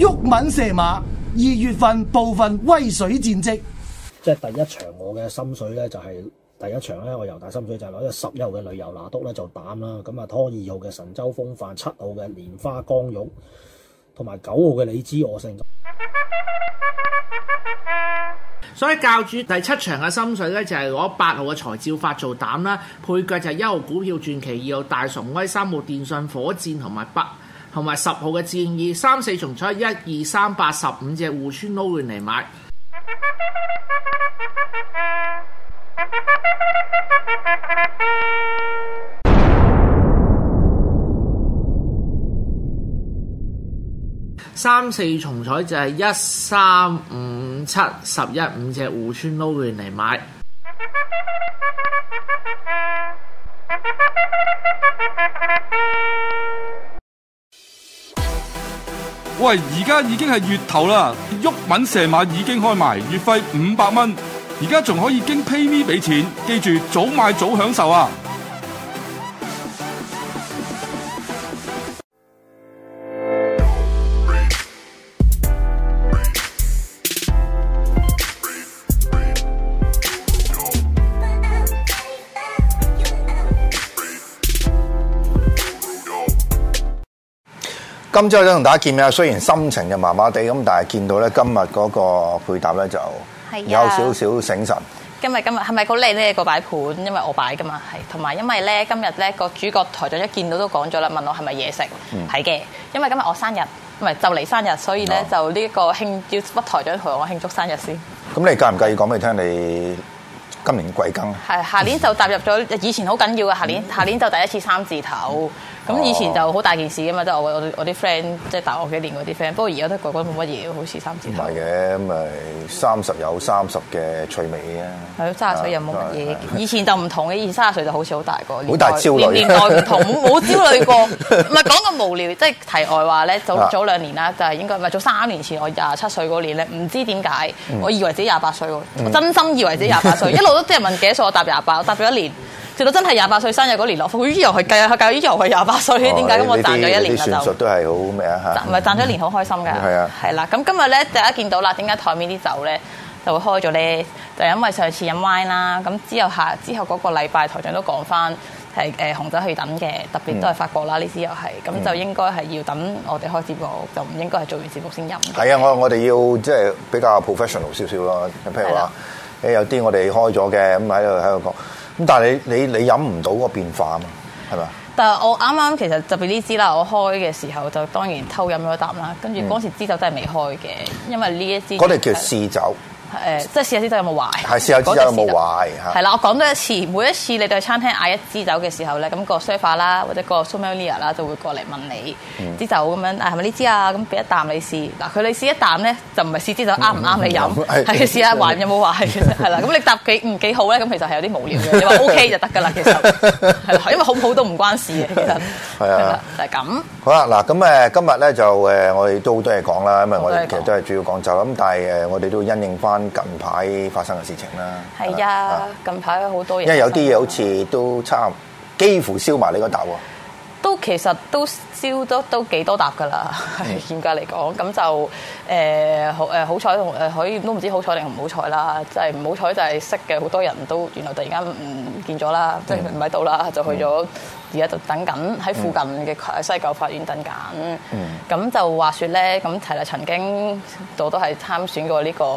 玉敏射馬二月份部分威水戰績，即係第一場我嘅心水咧就係第一場咧我由大心水就攞咗十一號嘅旅遊拿督咧做膽啦，咁啊拖二號嘅神州風範七號嘅蓮花江玉，同埋九號嘅你知我勝，所以教主第七場嘅心水咧就係攞八號嘅財照發做膽啦，配腳就係一號股票傳奇二號大崇威三號,號,號,號電信火箭同埋北。同埋十號嘅戰意，三四重彩一二三八十五隻戶村撈亂嚟買，三四重彩就係一三五七十一五隻戶村撈亂嚟買。喂，而家已經係月頭啦，沃敏射馬已經開賣，月費五百蚊，而家仲可以經 PayMe 俾錢，記住早買早享受啊！今朝咧同大家見面啊，雖然心情就麻麻地咁，但係見到咧今日嗰個配搭咧就有少少醒神。是今日今日係咪好靚咧個擺盤？因為我擺噶嘛，係同埋因為咧今日咧個主角台長一見到都講咗啦，問我係咪嘢食？係嘅、嗯，因為今日我生日，唔係就嚟生日，所以咧好就呢個慶要屈台長同我慶祝生日先。咁你介唔介意講俾你聽？你今年貴庚？係下年就踏入咗以前好緊要嘅，下年下年就第一次三字頭。嗯嗯咁以前就好大件事噶嘛，即係我的朋友大我我啲 friend，即係大學幾年嗰啲 friend。不過而家都個個冇乜嘢，好似三十。唔係嘅，咁咪三十有三十嘅趣味啊。係，三十歲有冇乜嘢？以前就唔同嘅，以前三十歲就好似好大個，好大焦慮，年年代唔同，冇 焦慮過。唔係講個無聊，即係題外話咧。早早兩年啦，就係、是、應該唔係早三年前，我廿七歲嗰年咧，唔知點解，嗯、我以為自己廿八歲喎，我真心以為自己廿八歲，嗯、 一路都啲人問幾多歲，我答廿八，我答咗一年。食到真係廿八歲生日嗰年落福，咦又係計啊計，咦又係廿八歲，點解咁我賺咗一年啦？嘅算術都係好咩啊嚇？唔係賺咗一年好開心㗎，係啊、嗯，係啦是的。咁今日咧大家見到啦，點解台面啲酒咧就會開咗咧？就因為上次飲 wine 啦，咁之後下之後嗰個禮拜台長都講翻係誒紅酒去等嘅，特別都係法國啦，呢、嗯、次又係，咁就應該係要等我哋開節目就唔應該係做完節目先飲。係啊，我我哋要即係比較 professional 少少咯，譬如話誒是的、欸、有啲我哋開咗嘅咁喺度喺度講。在咁但係你你你飲唔到嗰個變化啊嘛，係咪啊？但係我啱啱其實特別呢支啦，我開嘅時候就當然偷飲咗一啖啦，跟住嗰時支酒真係未開嘅，因為呢一支嗰啲叫試酒。誒，即係試下支酒有冇壞？係試下支酒有冇壞？嚇，係啦，我講多一次，每一次你對餐廳嗌一支酒嘅時候咧，咁個 service 啦，或者個 sommelier 啦，就會過嚟問你支酒咁樣，係咪呢支啊？咁俾一啖你試。嗱，佢你試一啖咧，就唔係試支酒啱唔啱你飲，係試下還有冇壞嘅。係啦，咁你答幾唔幾好咧？咁其實係有啲無聊嘅，你話 OK 就得㗎啦。其實係啦，因為好唔好都唔關事嘅。其實係啊，就係咁。好啦，嗱咁誒，今日咧就誒，我哋都好多嘢講啦，因為我哋其實都係主要講酒咁，但係誒，我哋都因應返。近排發生嘅事情啦，係啊的！的近排好多嘢，因為有啲嘢好似都差不多、啊、幾乎燒埋你個疊喎，都其實都燒咗、嗯呃呃呃、都幾多疊噶啦，嚴格嚟講，咁就誒誒好彩同可以都唔知好彩定唔好彩啦，即係唔好彩就係識嘅好多人都原來突然間唔見咗啦，嗯、即係唔喺度啦，就去咗而家就等緊喺附近嘅西九法院等緊，咁、嗯嗯、就話説咧，咁提啦，曾經我都係參選過呢、呢個誒。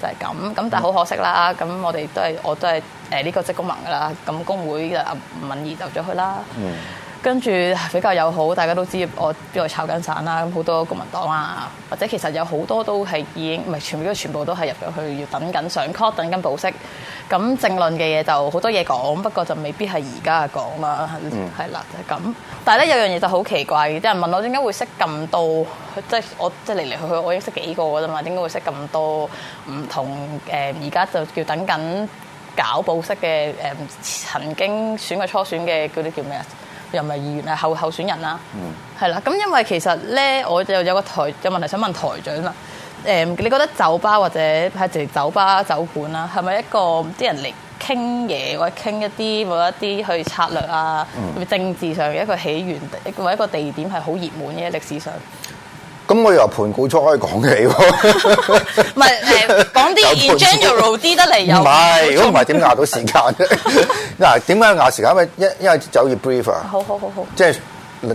就係咁，咁但係好可惜啦。咁、嗯嗯、我哋都係，我都係誒呢個職工盟噶啦。咁工會嘅敏儀就咗去啦。嗯。跟住比較友好，大家都知我邊度炒緊散啦。咁好多國民黨啊，或者其實有好多都係已經唔係全部，都全部都係入咗去要等緊上 court 等緊保釋。咁政論嘅嘢就好多嘢講，不過就未必係而家講啦。係啦、嗯，就咁、係。但係咧有樣嘢就好奇怪，啲人問我點解會識咁多，即係我即係嚟嚟去去我已經識幾個㗎啫嘛，點解會識咁多唔同誒？而家就叫等緊搞保釋嘅誒，曾經選過初選嘅嗰啲叫咩啊？又唔係議員，係候候選人啦，係啦、嗯。咁因為其實咧，我就有個台，有問題想問台長啦。誒，你覺得酒吧或者係地酒吧酒館啦，係咪一個啲人嚟傾嘢，或者傾一啲某一啲去策略啊，嗯、政治上嘅一個起源，或一個地點係好熱門嘅歷史上？咁我又話盤古初可以講嘅喎，唔係講啲 in general 啲得嚟又唔係。如果唔係點壓到時間嗱，點解 壓到時間？因為一因為酒業 brief 啊，好好好好，即係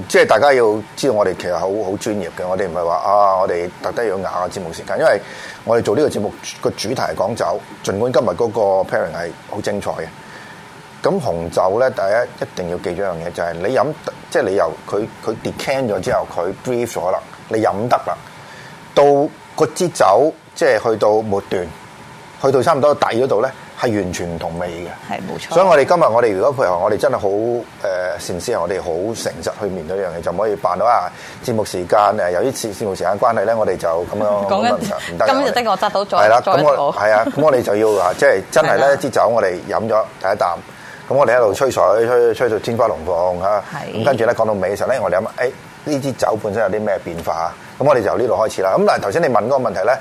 即係大家要知道我，我哋其實好好專業嘅，我哋唔係話啊，我哋特登要壓下節目時間，因為我哋做呢個節目個主題係講酒，儘管今日嗰個 pairing 係好精彩嘅，咁紅酒咧，大家一定要記住一樣嘢，就係、是、你飲即係你由佢佢 decant 咗之後，佢 brief 咗啦。嗯你飲得啦，到嗰支酒即係去到末段，去到差唔多底嗰度咧，係完全唔同味嘅。係冇錯。所以我哋今日我哋如果配合我哋真係好誒誠實，我哋好誠實去面對呢樣嘢，就唔可以辦到啊！節目時間誒，由於節節目時間關係咧，我哋就咁樣講一得。今日的確得到再再一部。係啊，咁我哋就要嚇，即係真係咧，支酒我哋飲咗第一啖，咁我哋一路吹水，吹吹到天花龍鳳嚇。咁跟住咧講到尾嘅時候咧，我哋飲誒。呢支酒本身有啲咩變化啊？咁我哋就由呢度開始啦。咁嗱，頭先你問嗰個問題咧，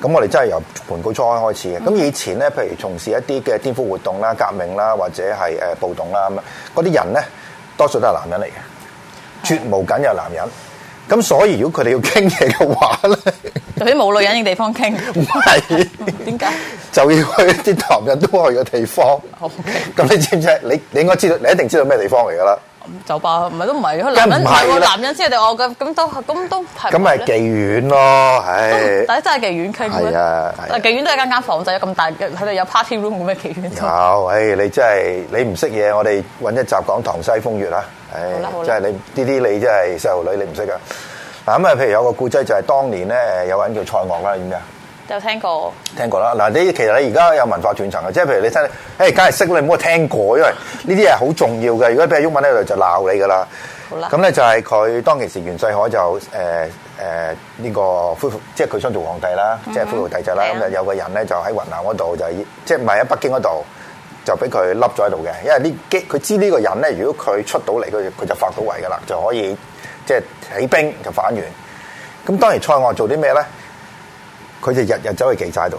咁我哋真係由盤古初開開始嘅。咁以前咧，譬如從事一啲嘅顛覆活動啦、革命啦，或者係誒暴動啦咁嗰啲人咧多數都係男人嚟嘅，絕無僅有男人。咁的所以，如果佢哋要傾嘢嘅話咧，就喺冇女人嘅地方傾。唔係點解？就要去啲男人都去嘅地方。咁 Okay. 你知唔知？你你應該知道，你一定知道咩地方嚟㗎啦？酒吧唔係都唔係，男人唔係喎，男人先係我咁咁都咁都係。咁咪妓院咯，唉，真係妓院傾嘅。係啊，妓院都係間間房仔，有咁大佢哋有 party room，冇咩妓院。有，唉，你真係你唔識嘢，我哋揾一集講唐西風月啦，唉，真係你呢啲你真係細路女，你唔識㗎。嗱咁啊，譬如有個故仔，就係當年咧有人叫蔡昂啦，知唔知啊？就聽過？聽過啦！嗱，你其實你而家有文化斷層嘅，即係譬如你聽，誒梗係識你唔好聽過，因為呢啲嘢好重要嘅。如果俾人鬱埋喺度，了那就鬧你噶啦。好、呃、啦。咁咧就係佢當其時，袁世凱就誒誒呢個恢復，即係佢想做皇帝啦，即係恢復帝制啦。咁、嗯嗯、有個人咧，就喺雲南嗰度就即係唔係喺北京嗰度，就俾佢笠咗喺度嘅。因為呢佢知呢個人咧，如果佢出到嚟，佢就發到威噶啦，就可以即係、就是、起兵就反袁。咁當然蔡鍔做啲咩咧？佢就日日走去妓寨度，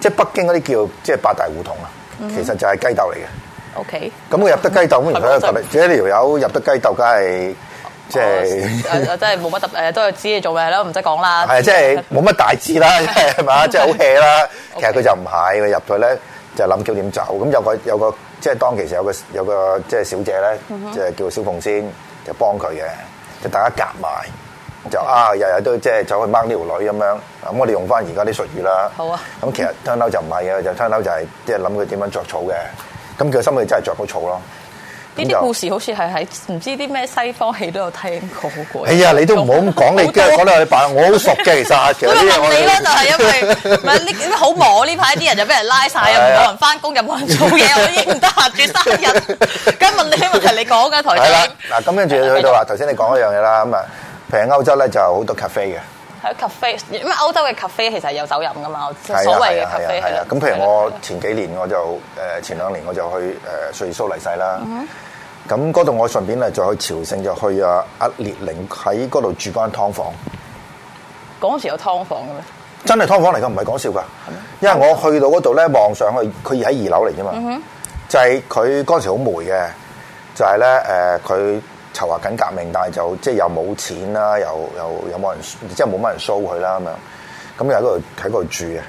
即係北京嗰啲叫即係八大胡同啦，其實就係雞竇嚟嘅。O K，咁佢入得雞竇，而且呢條友入得雞竇，就是，梗係即係誒，即係冇乜特誒，都係知你做咩咯，唔使講啦。係即係冇乜大志啦，係嘛， 啊，即係好 hea 啦。 其實佢就唔係，佢入去咧就諗叫點走。咁有個有個即係，就是、當其時有個有個即係小姐咧，就是、叫小鳳仙，就幫佢嘅，就大家夾埋。就啊，日日都即係走去掹呢條女咁樣，咁我哋用翻而家啲術語啦。好啊。咁其實 turn out 就唔係嘅，就 turn out 就係即係諗佢點樣着草嘅。咁佢心裏真係着咗草咯。呢啲故事好似係喺唔知啲咩西方戲都有聽過。哎呀，你都唔好咁講，你驚講到去扮，我好熟嘅其實。咁問你咯，就係因為唔係呢？好忙呢排啲人就俾人拉晒，有冇人翻工，又冇人做嘢，我已經唔得閒住生日。咁問你係咪係你講嘅台詞？嗱，咁跟住去到話頭先，你講一樣嘢啦，咁啊。喺歐洲咧就有好多 cafe 嘅，喺 cafe，因為歐洲嘅 cafe 其實有酒飲噶嘛，我知的的我所謂嘅 cafe 係啊。咁譬如我前幾年我就誒前兩年我就去誒瑞蘇嚟世啦。咁嗰度我順便咧再去朝聖，就去啊阿列寧喺嗰度住間劏房。嗰時有劏房嘅咩？真係劏房嚟噶，唔係講笑㗎。的因為我去到嗰度咧，望上去佢喺二樓嚟啫嘛。就係佢嗰時好霉嘅，就係咧誒佢。籌劃緊革命，但係就即係又冇錢啦，又又有冇人，即係冇乜人 show 佢啦咁樣。咁又喺嗰度喺度住嘅。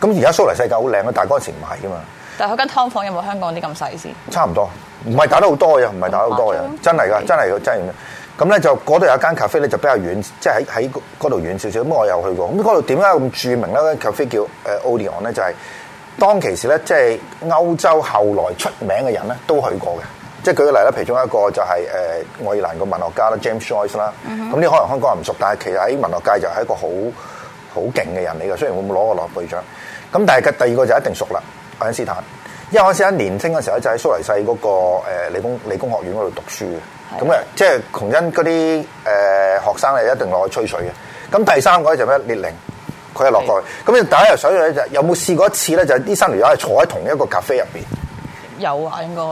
咁而家蘇黎世界好靚啊，但係嗰陣時唔賣噶嘛。但係嗰間劏房有冇香港啲咁細先？差唔多，唔係打得好多嘅，唔係打得好多嘅，真係㗎，真係真係。咁咧對 就嗰度有一間 cafe 咧就比較遠，即係喺喺嗰度遠少少。咁我又去過。咁嗰度點解咁著名咧？cafe 叫誒 Odeon 咧，就係、是、當其時咧，即、就、係、是、歐洲後來出名嘅人咧都去過嘅。對 嗯即係舉個例啦，其中一個就係、是、誒、呃、愛爾蘭個文學家啦，James Joyce 啦、嗯哼。咁呢可能香港人唔熟，但係其實喺文學界就係一個好好勁嘅人嚟嘅。雖然冇攞個諾貝獎，咁但係嘅，第二個就一定熟啦，愛因斯坦。因為愛因斯坦年青嘅時候咧就喺蘇黎世嗰個理工理工學院嗰度讀書嘅，咁啊即係窮恩嗰啲誒學生咧一定落去吹水嘅。咁第三個咧就咩列寧，佢係落過去。咁你大家又想嘅就是、有冇試過一次咧？就係呢三條友係坐喺同一個咖啡入邊。有啊，應該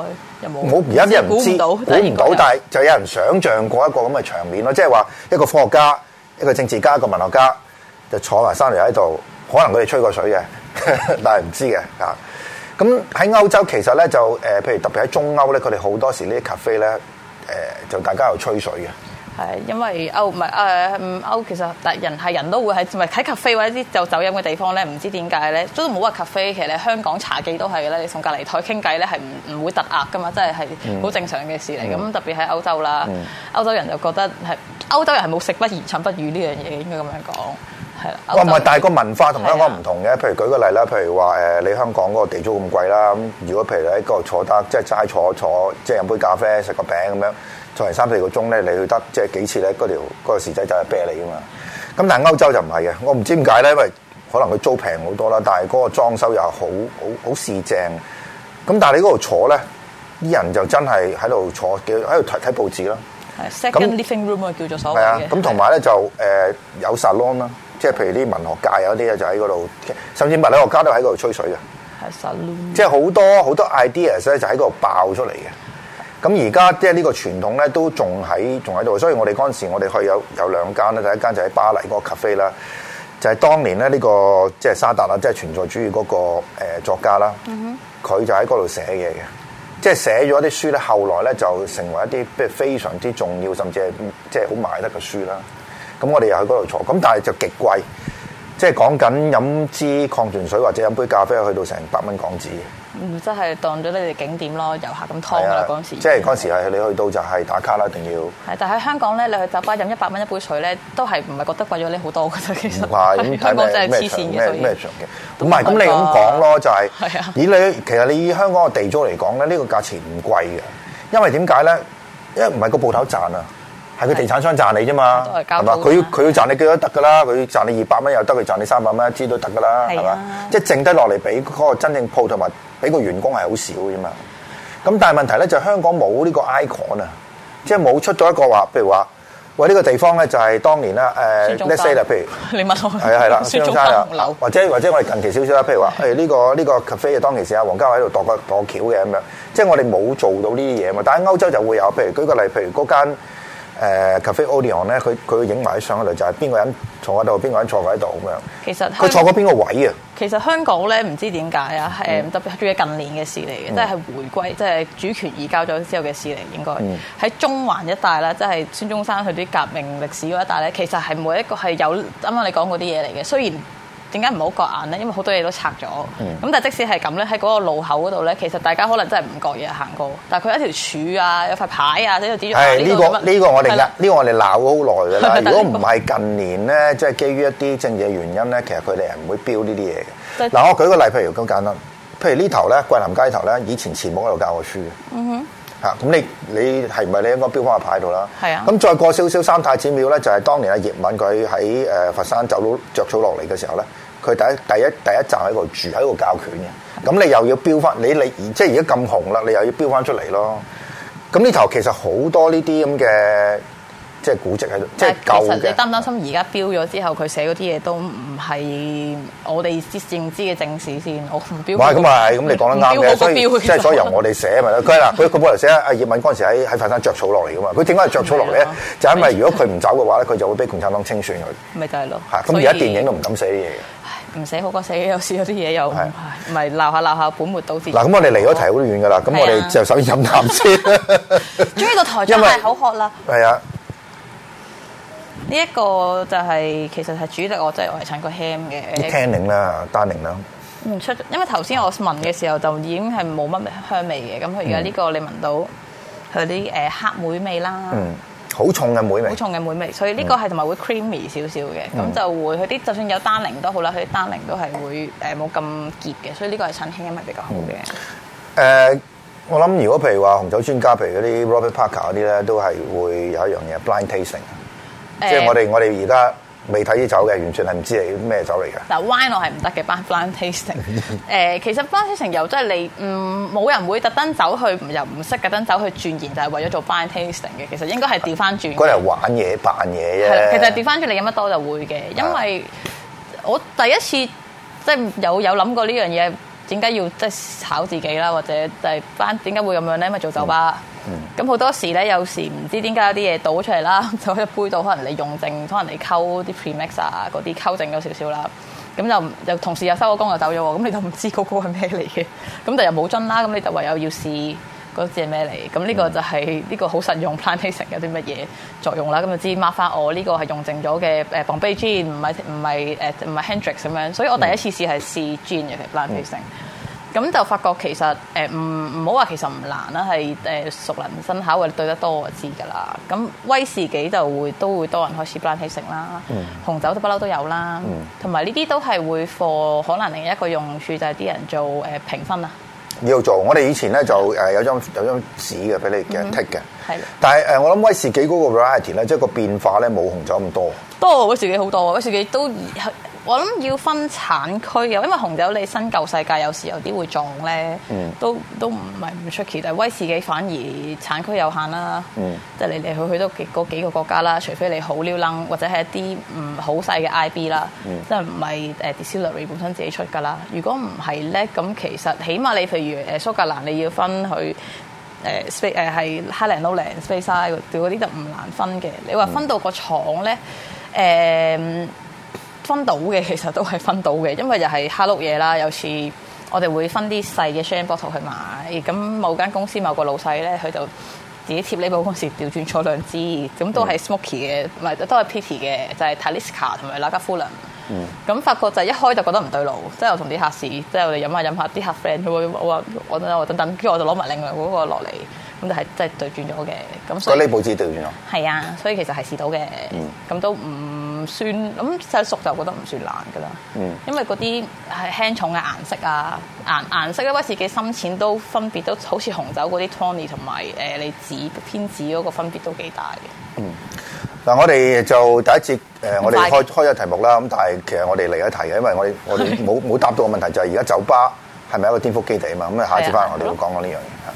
有冇？我而家啲人唔知，估唔到，到但係就有人想象過一個咁嘅場面咯，即係話一個科學家、一個政治家、一個文學家就坐埋山嚟喺度，可能佢哋吹過水嘅， 但係唔知嘅啊。咁喺歐洲其實咧就誒，譬、呃、如特別喺中歐咧，佢哋好多時呢啲咖啡咧誒、呃，就大家又吹水嘅。係，因為歐唔係誒唔歐，歐其實但人係人都會喺咪喺咖啡或者啲就酒飲嘅地方咧，唔知點解咧，都唔好話咖啡，其實咧香港茶記都係咧，你送隔離台傾偈咧係唔唔會突壓噶嘛，真係係好正常嘅事嚟。咁、嗯、特別喺歐洲啦，嗯、歐洲人就覺得係歐洲人係冇食不言、寢不語呢樣嘢，應該咁樣講係啦。唔係，但係個文化同香港唔同嘅。是啊、譬如舉個例啦，譬如話誒，你香港嗰個地租咁貴啦，咁如果譬如喺嗰度坐得，即係齋坐坐，即係飲杯咖啡、食個餅咁樣。坐嚟三四個鐘咧，你去得即係幾次咧？嗰條嗰、嗰個侍仔就係啤你噶嘛。咁但係歐洲就唔係嘅，我唔知點解咧，因為可能佢租平好多啦，但係嗰個裝修又好好好市正。咁但係你嗰度坐咧，啲人就真係喺度坐，喺度睇睇報紙咯。咁那 living room 咪叫做所謂嘅、啊？咁同埋咧就誒、呃、有 salon 啦，即係譬如啲文學界有啲啊，就喺嗰度，甚至物理學家都喺嗰度吹水嘅。即係好多好多 ideas 咧，就喺嗰度爆出嚟嘅。咁而家即係呢個傳統咧，都仲喺仲喺度。所以我哋嗰陣時，我哋去有有兩間咧，第一間就喺巴黎嗰個 cafe 啦、這個，就係當年咧呢個即係沙特啦，即係存在主義嗰個誒作家啦，佢就喺嗰度寫嘢嘅，即、就、係、是、寫咗啲書咧，後來咧就成為一啲即係非常之重要，甚至係即係好賣得嘅書啦。咁我哋又喺嗰度坐，咁但係就極貴。即係講緊飲支礦泉水或者飲杯咖啡，去到成百蚊港紙。嗯，即係當咗你哋景點咯，遊客咁劏啦，嗰陣時即係嗰陣時係你去到就係打卡啦，一定要。係，但喺香港咧，你去酒吧飲一百蚊一杯水咧，都係唔係覺得貴咗你好多嘅啫？其實唔係，是香港就係黐線嘅。唔係，咁你咁講咯，就係、是。係啊的。以你其實你以香港嘅地租嚟講咧，呢個價錢唔貴嘅，因為點解咧？因為唔係個鋪頭賺啊。係佢地產商賺你啫嘛，係嘛？佢要佢要賺你幾多得㗎啦？佢要賺你二百蚊又得，佢賺你三百蚊一支都得㗎啦，係嘛的？即係吧剩低落嚟俾嗰個真正鋪同埋俾個員工係好少啫嘛。咁但係問題咧就係香港冇呢個 icon 啊、嗯，即係冇出咗一個話，譬如話喂呢、呢個地方咧就係當年啦誒 let's say 譬如你問我係啊係啦，的孫中山或者或者我哋近期少少啦，譬、嗯、如話誒呢個呢、呢個 cafe 啊，當其時阿黃家偉喺度度個度橋嘅咁樣，即係我哋冇做到呢啲嘢嘛。但係歐洲就會有，譬如舉個例，譬如嗰間。誒、uh, cafe Odeon 咧，佢佢影埋啲相出嚟，就係邊個人坐喺度，邊個人坐喺度咁樣。其實佢坐過邊個位啊？其實香港咧唔知點解啊，誒特別最近年嘅事嚟嘅，即係回歸，即係主權移交咗之後嘅事嚟，應該喺、嗯、中環一帶啦，即係孫中山佢啲革命歷史嗰一帶咧，其實係每一個係有啱啱你講嗰啲嘢嚟嘅，雖然。點解唔好割眼咧？因為好多嘢都拆咗、嗯。咁但係即使係咁咧，喺嗰個路口嗰度咧，其實大家可能真係唔覺意行過。但係佢一條柱啊，有一塊牌啊，喺度呢個呢、呢個我哋啦，呢的個我哋鬧咗好耐㗎啦。是的如果唔係近年咧，即、就、係、是、基於一啲政治嘅原因咧，其實佢哋係唔會標呢啲嘢嘅。嗱的，我舉個例，譬如咁簡單，譬如頭呢頭咧，桂林街頭咧，以前前輩喺度教我書嘅。嗯哼。咁你你係唔係你應該標翻個牌度啦？係啊的。咁再過少少，三太子廟咧，就係、是、當年阿葉問佢喺誒佛山走佬著草落嚟嘅時候咧。佢第一第一第一集喺度住喺個教拳嘅。咁你又要標翻你你而即係而家咁紅啦，你又要標翻出嚟咯，咁呢頭其實好多呢啲咁嘅。即係古蹟喺度，即係舊嘅。其實你擔唔擔心而家標咗之後，佢寫嗰啲嘢都唔係我哋知正知嘅正史先。我唔標。唔係咁，咪係咁，你講得啱。即係所以由我哋寫咪。佢嗱，佢佢冇嚟寫。阿葉問嗰陣時喺喺佛山着草落嚟噶嘛？佢點解着草落嚟咧？就因為如果佢唔走嘅話咧，佢就會俾共產黨清算佢。咪就係咯。咁而家電影都唔敢寫啲嘢。唔寫好過寫，有時有啲嘢又唔係鬧下鬧下本末倒置。嗱，咁我哋離咗題好遠噶啦。咁我哋就首先飲啖先。總之個台長係口渴啦。係啊。呢一個就係、是、其實係主力，我即係我係襯個 ham 嘅。即係 tannin 啦，丹寧啦。唔出，因為頭先我聞嘅時候就已經係冇乜香味嘅。咁佢而家呢個你聞到佢啲誒黑莓味啦。好、嗯、重嘅莓味。好重嘅莓味，所以呢個係同埋會 creamy 少少嘅。咁、嗯、就會佢啲就算有丹寧都好啦，佢啲丹寧都係會誒冇咁結嘅。所以呢個係襯 ham 係比較好嘅。誒、嗯呃，我諗如果譬如話紅酒專家，譬如嗰啲 Robert Parker 嗰啲咧，都係會有一樣嘢 blind tasting。即係我哋我哋而家未睇啲酒嘅，完全係唔知係咩酒嚟嘅。嗱，wine 我係唔得嘅，by blind tasting。誒， 其實 blind tasting 又真係你唔冇、嗯、人會特登走去又唔識特登走去轉現，就係為咗做 blind tasting 嘅。其實應該係調翻轉。嗰啲玩嘢扮嘢啫。其實調翻轉嚟飲得多就會嘅，因為我第一次即係有有諗過呢樣嘢，點解要即係炒自己啦，或者就係翻點解會咁樣咧？因為做酒吧。嗯咁好、嗯、多時咧，有時唔知點解有啲嘢倒出嚟啦，就喺杯度可能你用淨，可能你溝啲 premix 啊嗰啲溝淨咗少少啦，咁就又同事又收工就個工又走咗喎，咁你就唔知嗰個係咩嚟嘅，咁但又冇樽啦，咁你就唯有要試嗰支係咩嚟，咁呢、嗯、個就係、是、呢、這個好實用 plantation 有啲乜嘢作用啦，咁就知 mark 返我呢、這個係用淨咗嘅誒 Bombay gin，唔係唔係誒唔係 Hendrix 咁樣，所以我第一次試係試 gin 嘅 plantation。咁就發覺其實誒唔唔好話其實唔難啦，係誒、呃、熟能生巧或者對得多我知噶啦。咁威士忌就會都會多人開始攬起食啦，嗯、紅酒都不嬲都有啦，同埋呢啲都係會貨，可能另一個用處就係、是、啲人做誒、呃、評分啊。要做，我哋以前咧就誒有張有張，有張紙嘅俾你嘅 tick 嘅，係、嗯。但係誒，我諗威士忌嗰個 variety 咧，即係個變化咧，冇紅酒咁多。多威士忌好多，威士忌都。我諗要分產區嘅，因為紅酒你新舊世界有時有啲會撞咧、嗯，都都唔係唔出奇。但威士忌反而產區有限啦，即係嚟嚟去去都嗰幾個國家啦。除非你好撩撚或者係一啲唔好細嘅 IB 啦、嗯，即係唔係誒 Distillery 本身自己出㗎啦。如果唔係咧，咁其實起碼你譬如誒、呃、蘇格蘭，你要分佢誒誒、呃、係 Highland Lowland Speyside 嗰啲就唔難分嘅。你話分到個廠咧誒？嗯呃分到嘅其實都係分到嘅，因為又係哈碌嘢啦。有次我哋會分啲細嘅 share bottle 去買，咁某間公司某個老細咧，佢就自己貼呢部嗰時調轉錯兩支，咁都係 smoky 嘅，唔係都係 pity 嘅，就係 Taliska 同埋拉卡夫林。嗯，咁發覺就一開就覺得唔對路，即係我同啲客試，即係我哋飲下飲下啲客 friend，佢話我話我，我等等，跟住我就攞埋另外嗰個落嚟。咁就係即係對轉咗嘅，咁所以。呢部子對轉咗。係啊，所以其實係試到嘅。咁、嗯、都唔算，咁就熟就覺得唔算難噶啦。嗯。因為嗰啲係輕重嘅顏色啊，顏，顏色嘅威士忌深淺都分別都好似紅酒嗰啲 tony 同埋你紫偏紫嗰個分別都幾大嘅。嗯。嗱，我哋就第一次我哋開開咗題目啦。咁但係其實我哋嚟一題嘅，因為我哋我哋冇冇答到嘅問題就係而家酒吧係咪一個顛覆基地啊嘛？咁啊，下次翻嚟我哋會講講呢樣嘢。的